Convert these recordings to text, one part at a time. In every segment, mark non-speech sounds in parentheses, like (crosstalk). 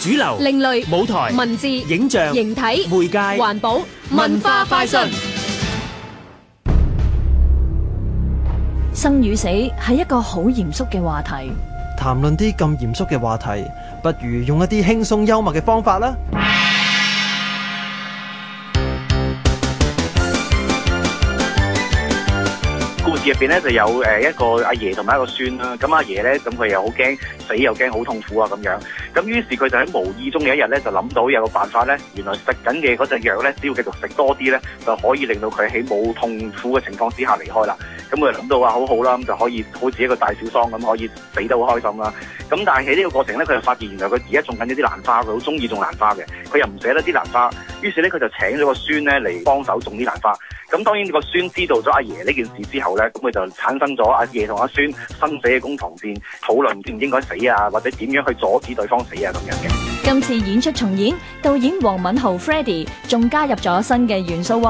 主流、另類、舞台、文字、影像、形體、媒介、環保、文化快訊。生與死係一個好嚴肅嘅話題。談論啲咁嚴肅嘅話題，不如用一啲輕鬆幽默嘅方法啦。入邊咧就有誒一個阿爺同埋一個孫啦，咁阿爺咧，咁佢又好驚死又驚好痛苦啊咁樣，咁於是佢就喺無意中嘅一日咧，就諗到有個辦法咧，原來食緊嘅嗰隻藥咧，只要繼續食多啲咧，就可以令到佢喺冇痛苦嘅情況之下離開啦。咁佢諗到話好好啦，咁就可以好似一個大小桑咁，可以死得好開心啦。咁但係喺呢個過程咧，佢就發現原來佢而家種緊一啲蘭花，佢好中意種蘭花嘅。佢又唔捨得啲蘭花，於是咧佢就請咗個孫咧嚟幫手種啲蘭花。咁當然個孫知道咗阿爺呢件事之後咧，咁佢就產生咗阿爺同阿孫生死嘅公堂戰，討論應唔應該死啊，或者點樣去阻止對方死啊咁樣嘅。今次演出重演，導演黃敏豪、Freddie 仲加入咗新嘅元素。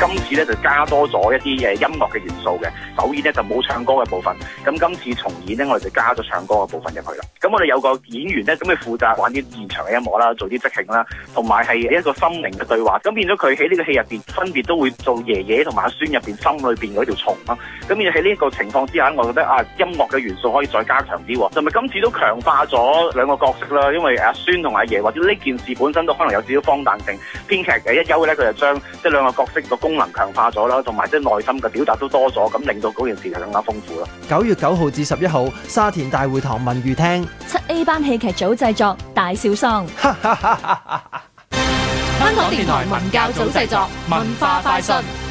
今次咧就加多咗一啲嘅音樂嘅元素嘅，首演咧就冇唱歌嘅部分，咁今次重演咧我哋就加咗唱歌嘅部分入去啦。咁我哋有個演員咧，咁佢負責玩啲現場嘅音樂啦，做啲即興啦，同埋係一個心靈嘅對話。咁變咗佢喺呢個戲入邊分別都會做爺爺同埋阿孫入邊心裏邊嗰條蟲啦。咁變喺呢個情況之下，我覺得啊音樂嘅元素可以再加強啲喎，同埋今次都強化咗兩個角色啦，因為阿孫同阿爺或者呢件事本身都可能有少少荒誕性。編劇嘅一休咧佢就將即係兩個角色個功能強化咗啦，同埋即係內心嘅表達都多咗，咁令到嗰件事就更加豐富啦。九月九號至十一號，沙田大會堂文娛廳，七 A 班戲劇組製作《大笑喪》，香港電台文教組製作 (laughs) 文化快訊。